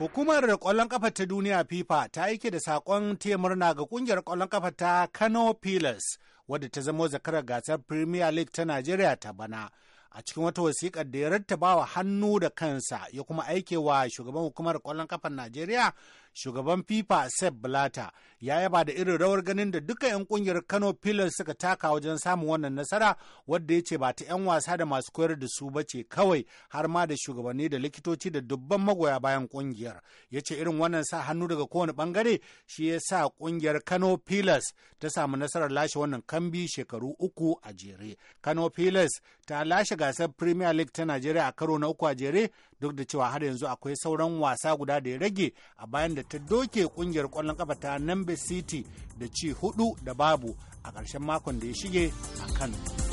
Hukumar kwallon kafa ta duniya FIFA ta aike da saƙon taya murna ga ƙungiyar kwallon kafa ta Kano Pillars wadda ta zama zakarar gasar Premier League ta Najeriya ta bana a cikin wata wasiƙar da ya rattaba wa hannu da kansa ya kuma aike wa shugaban hukumar kwallon kafar Najeriya shugaban FIFA Sepp Blatter ya yaba da irin rawar ganin da duka 'yan kungiyar Kano Pillars suka taka wajen samun wannan nasara wadda ya ce ba ta 'yan wasa da masu koyar da su ba ce kawai har ma da shugabanni da likitoci da dubban magoya bayan kungiyar ya ce irin wannan sa hannu daga kowane bangare shi ya sa kungiyar Kano Pillars ta samu nasarar lashe wannan kambi shekaru uku a jere Kano Pillars ta lashe gasar Premier League ta Najeriya a karo na uku a jere duk da cewa har yanzu akwai sauran wasa guda da ya rage a bayan da ta doke kungiyar kwallon kafa ta Nambe City da ci hudu da babu a ƙarshen makon da ya shige a Kano.